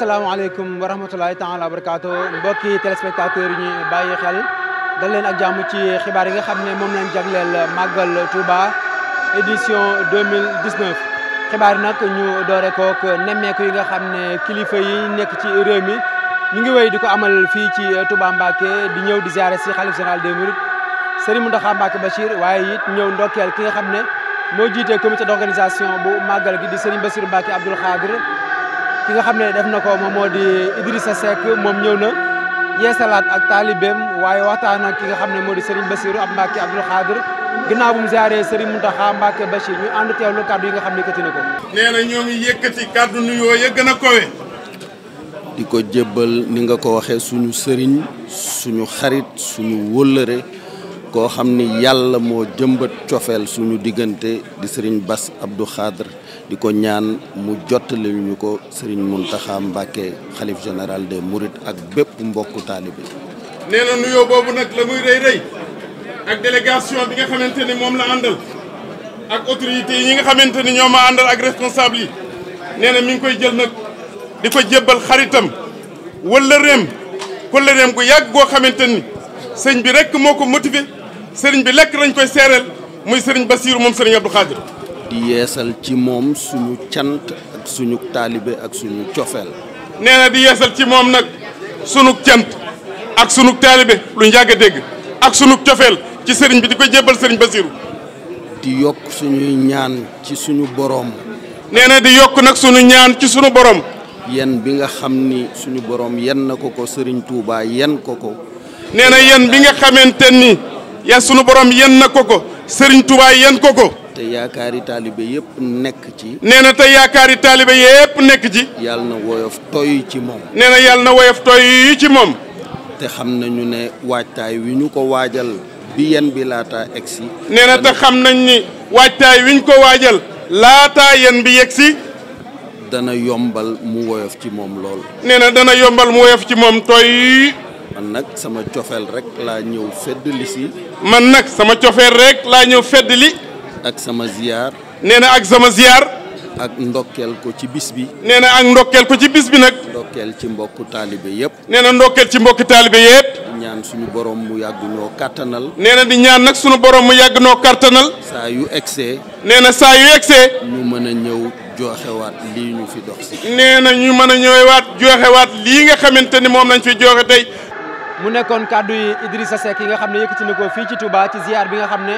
asalaamaaleykum wa rahmatulahi taala wa barakaatu mbokki téléspectateurs yi ñuy bàyyi xel dal leen ak jàmm ci xibaar yi nga xam ne moom lañ jagleel màggal Touba édition 2019 xibaar yi nag ñu doore kook nemmeeku yi nga xam ne kilifa yi nekk ci réew mi ñu ngi wéy di ko amal fii ci Touba Mbacké di ñëw di ziare si xalif de des mourides mu Mountakha Mbacké Bachir waaye it ñëw ndokkeel ki nga xam ne moo jiitee comité d'organisation bu màggal gi di Serigne Bassirou Mbacké Abdoul Khadr ki nga xam ne def na ko moom moo di sa Seck moom ñëw na yeesalaat ak taalibeem waaye waxtaan ak ki nga xam ne moo di Serigne Bassirou ab Mbacke Abdoul Khadir ginnaaw bu mu ziaree Serigne Mountakha Mbacke Bachir ñu ànd teewlu kàddu yi nga xam ne yëkkati na ko. nee na ñoo ngi yëkkati kàddu nuyoo ya gën a kowe. di ko jébbal ni nga ko waxee suñu sëriñ suñu xarit suñu wóllëre koo xam ni yàlla moo jëmbat cofeel suñu diggante di Serigne Bass Abdou Khadir. di ko ñaan mu jottali ñu ko sëriñ Mountakha Mbacké xalif général des Mourides ak bépp mbokku taalibe. nee na nuyoo boobu nag la muy rëy rëy ak délégation bi nga xamante ni moom la àndal ak autorité yi nga xamante ni ñoo ma àndal ak responsable yi nee na mi koy jël nag di ko jébbal xaritam wala réem wala réem gu yàgg goo xamante ni sëñ bi rek moo ko motivé sëriñ bi lekk lañ koy seereel muy sëriñ Bassirou moom sëriñ du Khadir. di yeesal ci moom suñu cant ak suñu taalibe ak suñu cofeel nee na di yeesal ci moom nag sunu cant ak sunu taalibe lu njàgg a dégg ak sunu cofeel ci sëriñ bi di ko jébbal sëriñ Basiru di yokk suñuy ñaan ci suñu boroom nee na di yokk nag suñu ñaan ci suñu boroom yenn bi nga xam ni suñu boroom yen na ko ko sëriñ Touba yen ko ko nee na yen bi nga xamante ni ya suñu boroom yenn na ko ko sëriñ Touba yen ko ko te yaakaari taalibe yëpp nekk ci. nee na te yaakaari taalibe yëpp nekk ci. yàlla na woyof tooy ci moom. nee na yàlla na woyof tooy ci moom. te xam nañu ne waajtaay wi ñu ko waajal bi bi laataa nee na te xam nañ ni waajtaay wi ñu ko waajal laata yen bi yegg si. dana yombal mu woyof ci moom lool. nee na dana yombal mu woyof ci moom tooy. man nag sama cofeel rek laa ñëw fedd li si. man nag sama cofeel rek laa ñëw fedd li. ak sama ziyaar. nee na ak sama ziyaar. ak ndokkeel ko ci bis bi. nee na ak ndokkeel ko ci bis bi nag. ndokkeel ci mbokku taalibe yëpp. nee na ndokkeel ci mbokku taalibe yëpp. ñaan suñu borom mu yàgg noo kattanal. nee na di ñaan nag suñu borom mu yàgg noo kattanal. saa yu egsee. nee na saa yu egsee. ñu mën a ñëw jooxewaat lii ñu fi dox si. nee na ñu mën a ñëwaat jooxewaat lii nga xamante ni moom lañ fi jooxe tey. mu nekkoon kàddu yi sa Seck yi nga xam ne yëkkati na ko fii ci Touba ci ziar bi nga xam ne.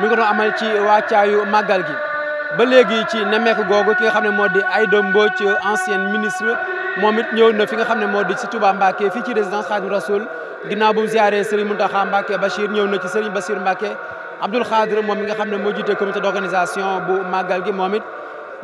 mi ngi doon amal ci wàccaayu màggal gi ba léegi ci nemmeeku googu ki nga xam ne moo di ay Aïda Mbodj ancienne ministre moom it ñëw na fi nga xam ne moo di ci Touba Mbacké fii ci résidence Khadim Rasoul ginnaaw bu mu ziaree mu Mountakha Mbacké Bachir ñëw na ci Serigne Bachir Mbacké Abdoul Khadir moom mi nga xam ne moo jiite comité d'organisation bu màggal gi moom it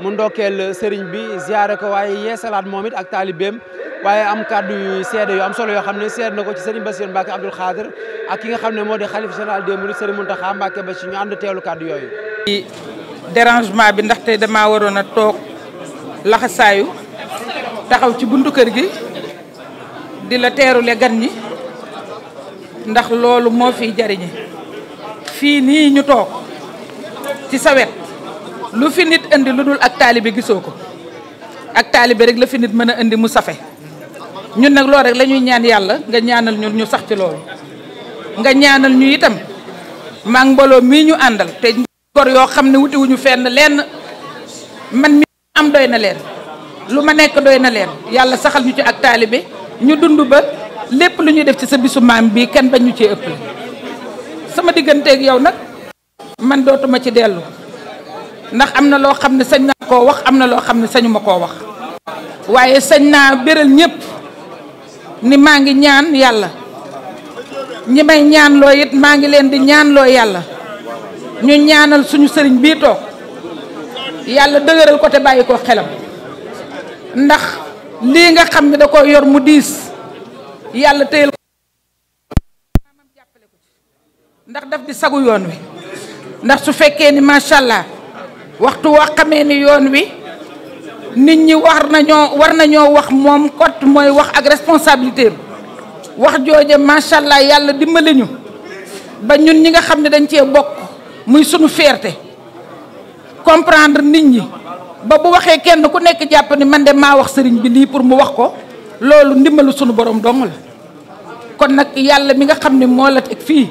mu ndokkeel Serigne bi ziare ko waaye yeesalaat moom it ak taalibeem waaye am kàddu yu seede yu am solo yoo xam ne seede na ko ci sëriñ Bassirou Mbacke Abdoul Khadir ak ki nga xam ne moo di xalif général des mourides sëriñ Mountakha Mbacke Bachir ñu ànd teelu kàddu yooyu. ci dérangement bi ndaxte damaa waroon a toog laxasaayu taxaw ci buntu kër gi di la teerule gan ñi ndax loolu moo fi jariñi fii nii ñu toog ci sa wet lu fi nit indi lu dul ak taalibe gisoo ko ak taalibe rek la fi nit mën a indi mu safe ñun nag loolu rek la ñuy ñaan yàlla nga ñaanal ñun ñu sax ci loolu nga ñaanal ñu itam maa mbooloo mii ñu àndal te gor yoo xam ne wuti wuñu fenn lenn man mi am doy na leen lu ma nekk doy na leen yàlla saxal ñu ci ak taalibe ñu dund ba lépp lu ñuy def ci sa bisu maam bi kenn bañ ñu cee ëpp sama digganteeg yow nag man dootuma ci dellu ndax am na loo xam ne sañ naa koo wax am na loo xam ne sañuma koo wax waaye sañ naa béral ñëpp ni maa ngi ñaan yàlla ñi may ñaanloo it maa ngi leen di ñaanloo yàlla ñu ñaanal suñu sëriñ bii toog yàlla dëgëral ko te bàyyi ko xelam ndax lii nga xam ni da koo yor mu diis yàlla téyel ko jàppale ko ndax daf di sagu yoon wi ndax su fekkee ni macha allah waxtu waa xamee ni yoon wi nit ñi war nañoo war nañoo wax moom kot mooy wax ak responsabilité am wax jooje macha allah yàlla dimbali ñu ba ñun ñi nga xam ne dañ cee bokk muy sunu fierté comprendre nit ñi ba bu waxee kenn ku nekk jàpp ni man de maa wax sëriñ bi lii pour mu wax ko loolu ndimbalu sunu borom dong la kon nag yàlla mi nga xam ne moo la teg fii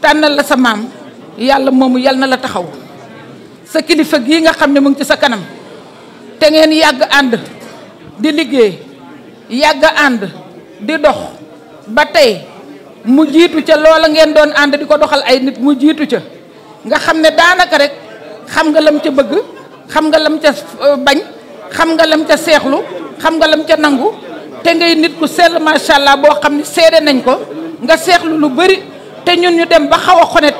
tànnal la sa maam yàlla moomu yàlla na la taxaw sa kilifa gii nga xam ne mu ngi ci sa kanam. te ngeen yàgg ànd di liggéey yàgg ànd di dox ba tey mu jiitu ca loola ngeen doon ànd di ko doxal ay nit mu jiitu ca nga xam ne daanaka rek xam nga lam ca bëgg xam nga lam ca euh, bañ xam nga lam ca seexlu xam nga lam ca nangu te ngay nit ku sell macha allah boo xam ne seede nañ ko nga seexlu lu bari te ñun ñu dem ba xaw a xonet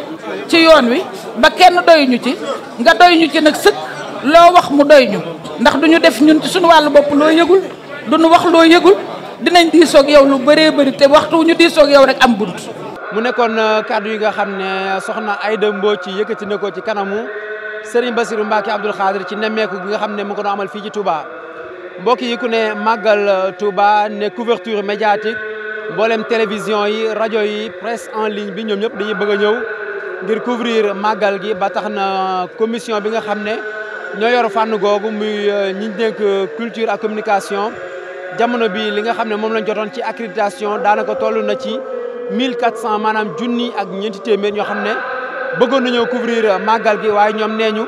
ci yoon wi ba kenn doy ñu ci nga doy ñu ci nag sëkk loo wax mu doy ñu ndax du ñu def ñun ci suñu bopp loo yëgul du nu wax loo yëgul dinañ diisoog yow lu bëree bëri te waxtu ñu diisoog yow rek am bunt. mu nekkoon euh, kàddu yi nga xam ne euh, soxna Aïda Mbodj ci yëkkati na ko ci kanamu Serigne basiru Mbacke Abdoul Khadir ci nemmeeku gi nga xam ne mu ko doon amal fii ci Touba. mbokk yi ne màggal euh, tuuba ne couverture médiatique mboolem télévision yi rajo yi presse en ligne bi ñoom ñëpp dañuy bëgg a ñëw ngir couvrir màggal gi ba tax na bi nga xam ne. ñoo yor fànn googu muy euh, ñi dénk euh, culture ak communication jamono bi li nga xam ne moom lañ jotoon ci accréditation daanaka toll na ci 1400 maanaam junni ak ñeenti téeméer ñoo xam ne bëggoon nañoo couvrir euh, màggal gi waaye ñoom nee ñu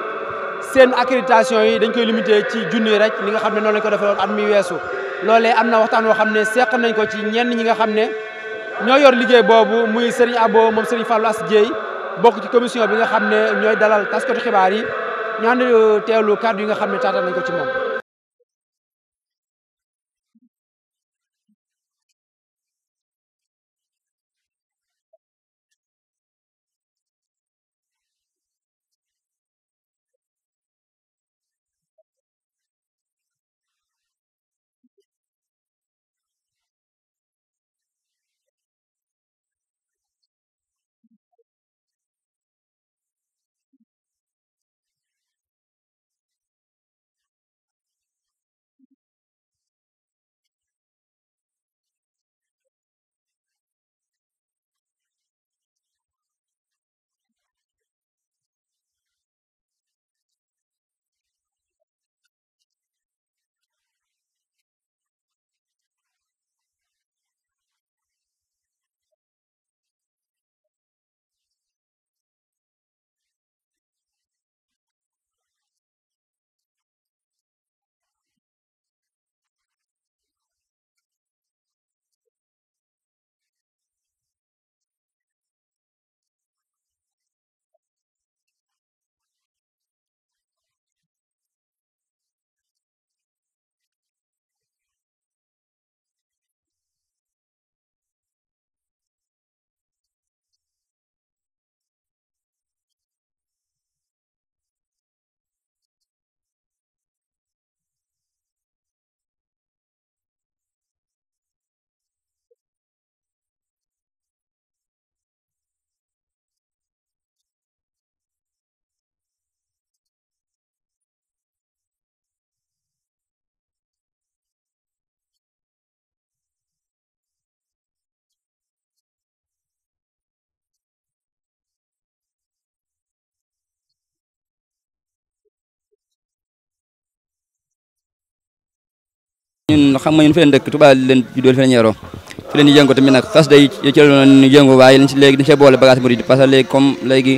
seen accréditation yi dañ koy limité ci junni rek li nga xam ne noonu lañ ko defee woon at mi weesu. loolee am na waxtaan woo xam ne seq nañ ko ci ñenn ñi nga xam ne ñoo yor liggéey boobu muy Serigne Abo moom Serigne Fallou As bokk ci commission bi nga xam ne ñooy dalal taskatu xibaar yi. ñu ànd teewlu kàddu yi nga xam ne taataan nañ ci moom. ñun xam nga ñun feen dëkk Touba leen juddoo feen ñeeroo fi leen di yëngu tamit nag xas day ci loon yëngu waaye lañ si léegi dañ see boole bagage murid parce que léegi comme léegi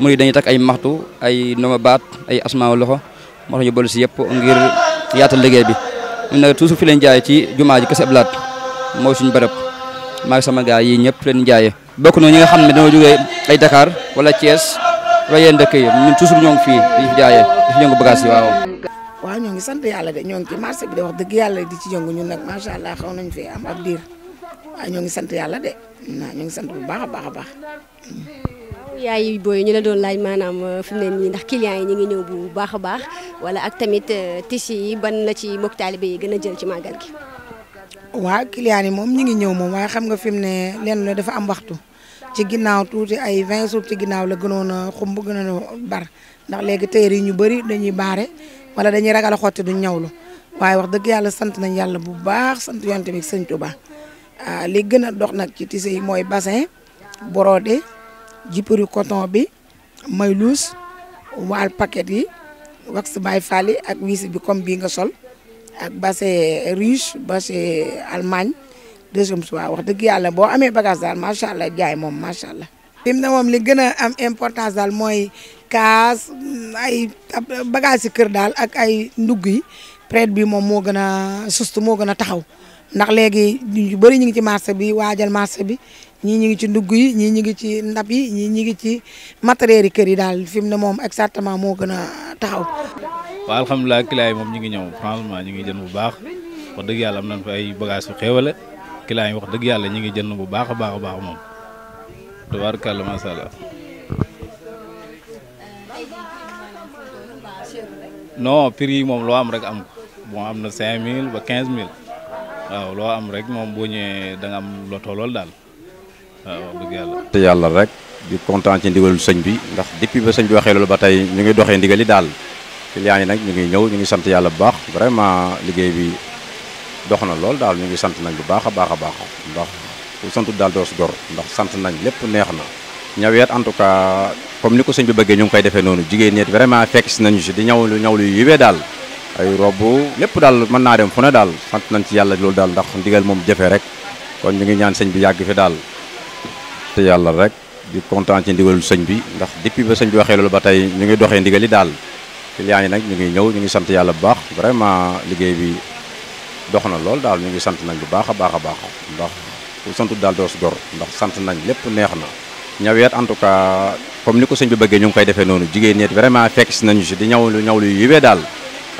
murid dañuy takk ay maxtu ay noma baat ay asmaaw loxo moo tax ñu boole si yëpp ngir yaatal liggéey bi ñun nag toujours fi leen jaay ci jumaa ji kese ab laat mooy suñu bërëb maa ngi sama gars yi ñëpp leen jaayee bokk na ñi nga xam ne dañoo jógee ay Dakar wala Thiès wala yeneen dëkk yi ñun toujours ñoo ngi fii dañu fi jaayee dañu fi yëngu bagage yi waaw ngi sant yàlla de ñoo ngi ci marché bi de wax dëgg yàlla di ci yëngu ñun nag macha allah xaw nañ ñoo ngi sant yàlla de waaw ñoo ngi sant bu baax a baax a baax. ñu la doon laaj maanaam euh, fi ne nii ndax clients yi ñu ngi ñëw bu baax a baax wala ak tamit euh, tissu yi ban la ci mbokk taalibe yi gën a jël ci màggal gi. waaw clients yi moom ñu ngi ñëw moom waaye xam nga fi mu ne lenn la dafa am waxtu ci ginnaaw tuuti ay 20 jours ci ginnaaw la gënoon a xumb gënoon a bar ndax léegi téere yi ñu bëri dañuy baare wala dañuy ragal a xotti duñ ñawlu waaye wax dëgg yàlla sant nañ yàlla bu baax sant yonte bi sëñ Tuubaa ah, li gën a dox nag ci tissé yi mooy bassin brodé jipuru coton bi mayluus waal paquet yi wax bay fali ak wiis bi comme bii nga sol ak bassin riche bassin Allemagne deuxième choix wax dëgg yàlla boo amee bagage daal macha allah jaay moom macha allah. fi na ne moom li gën a am importance daal mooy kaas ay bagage si kër daal ak ay ndugg yi prêtre bi moom moo gën a sust moo gën a taxaw ndax léegi ñu bëri ñu ngi ci marché bi waajal marché bi ñii ñu ngi ci ndugg yi ñii ñu ngi ci ndab yi ñii ñu ngi ci matériel yi kër yi daal fi mu ne moom exactement moo gën a taxaw. waaw alhamdulilah client yi moom ñu ngi ñëw franchement ñu ngi jënd bu baax wax dëgg yàlla am nañ fa ay bagage yu xéewale client yi wax dëgg yàlla ñu ngi jënd bu baax a baax a baax moom. tubaarkàlla macha allah non prix yi moom loo am rek am ko bon am na 5000 ba 15000 waaw loo am rek moom boo ñëwee da am loo toolool daal waaw dëgg yàlla. te yàlla rek di kontaan ci ndigalu sëñ bi ndax depuis ba sëñ bi waxee loolu ba tey ñu ngi doxee ndigal daal client yi nag ñu ngi ñëw ñu ngi sant yàlla bu baax vraiment liggéey bi dox na lool daal ñu ngi sant nañ bu baax a baax a baax ndax. ku sant daal doo si gor ndax sant nañ lépp neex na ñaweet en tout cas comme ni ko sëñ bi bëggee ñu ngi koy defee noonu jigéen ñi vraiment fekk si nañu si di ñaw lu ñaw lu yiwee daal ay robb lépp daal mën naa dem fu ne daal sant nañ ci yàlla loolu daal ndax ndigal moom jëfee rek kon ñu ngi ñaan sëñ bi yàgg fi daal te yàlla rek di kontaan ci ndigalu sëñ bi ndax depuis ba sëñ bi waxee loolu ba tey ñu ngi doxee ndigal yi daal clients yi nag ñu ngi ñëw ñu ngi sant yàlla bu baax vraiment liggéey bi dox na lool daal ñu ngi sant nañ bu baax a baax a baax ndax ku sant daal doo si gor ndax sant nañ lépp neex na ñaweet en tout cas comme ni ko sëñ bi bëggee ñoom ngi koy defee noonu jigéen ñeet vraiment fekk nañu si di ñaw lu ñaw lu yiwee daal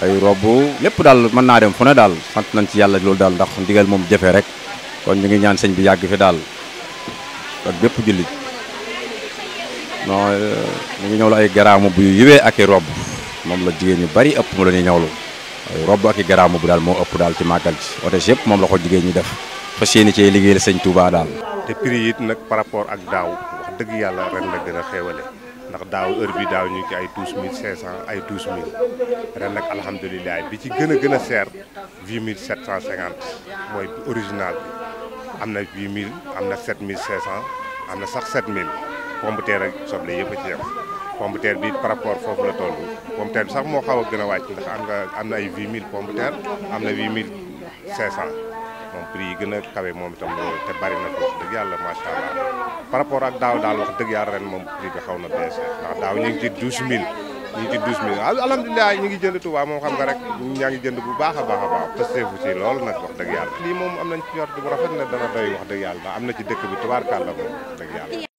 ay robu lépp daal mën naa dem fu ne daal sant nañ ci yàlla loolu daal ndax ndigal moom jëfee rek kon ñu ngi ñaan sëñ bi yàgg fi daal ak bépp jullit non euh, ñu ngi ñawlu ay garaamu bu yiwee ak i rob moom la jigéen ñu bari ëpp mu la ñuy ñawlu ay rob ak i garaamu bu daal moo ëpp daal ci màggal ci otage yëpp moom la ko jigéen ñi def fas yéene cee liggéeyal sëñ Touba daal. te prix it nag par rapport ak daaw wax dëgg yàlla ren la gën a xéewale ndax daaw heure bi daaw ñu ci ay douze mille cinq cent ay douze mille ren nag alhamdulilah bi ci gën a gën a seer huit mille sept cent cinquante mooy original bi am na huit mille am na sept mille cinq cent am na sax sept mille pomme de terre ak soble yëpp a ci yem pomme bi par rapport foofu la toll pomme bi sax moo xaw a gën a wàcc ndax am nga am na ay huit am na huit moom prix yi gën a kawe moom itam te bari na ko wax dëgg yàlla macha allah par rapport ak daaw daal wax dëgg yàlla ren moom prix bi xaw na baissé ndax daaw ñu ngi ci ñu ngi ci 12000 alhamdulilah jënd Tuubaa moom xam nga rek ñaa ngi jënd bu baax a baax a baax pësteefu ci lool nag wax dëgg yàlla lii moom am nañ ci yor bu rafet ne dana doy wax dëgg yàlla am na ci dëkk bi tubaarkàlla moom wax dëgg yàlla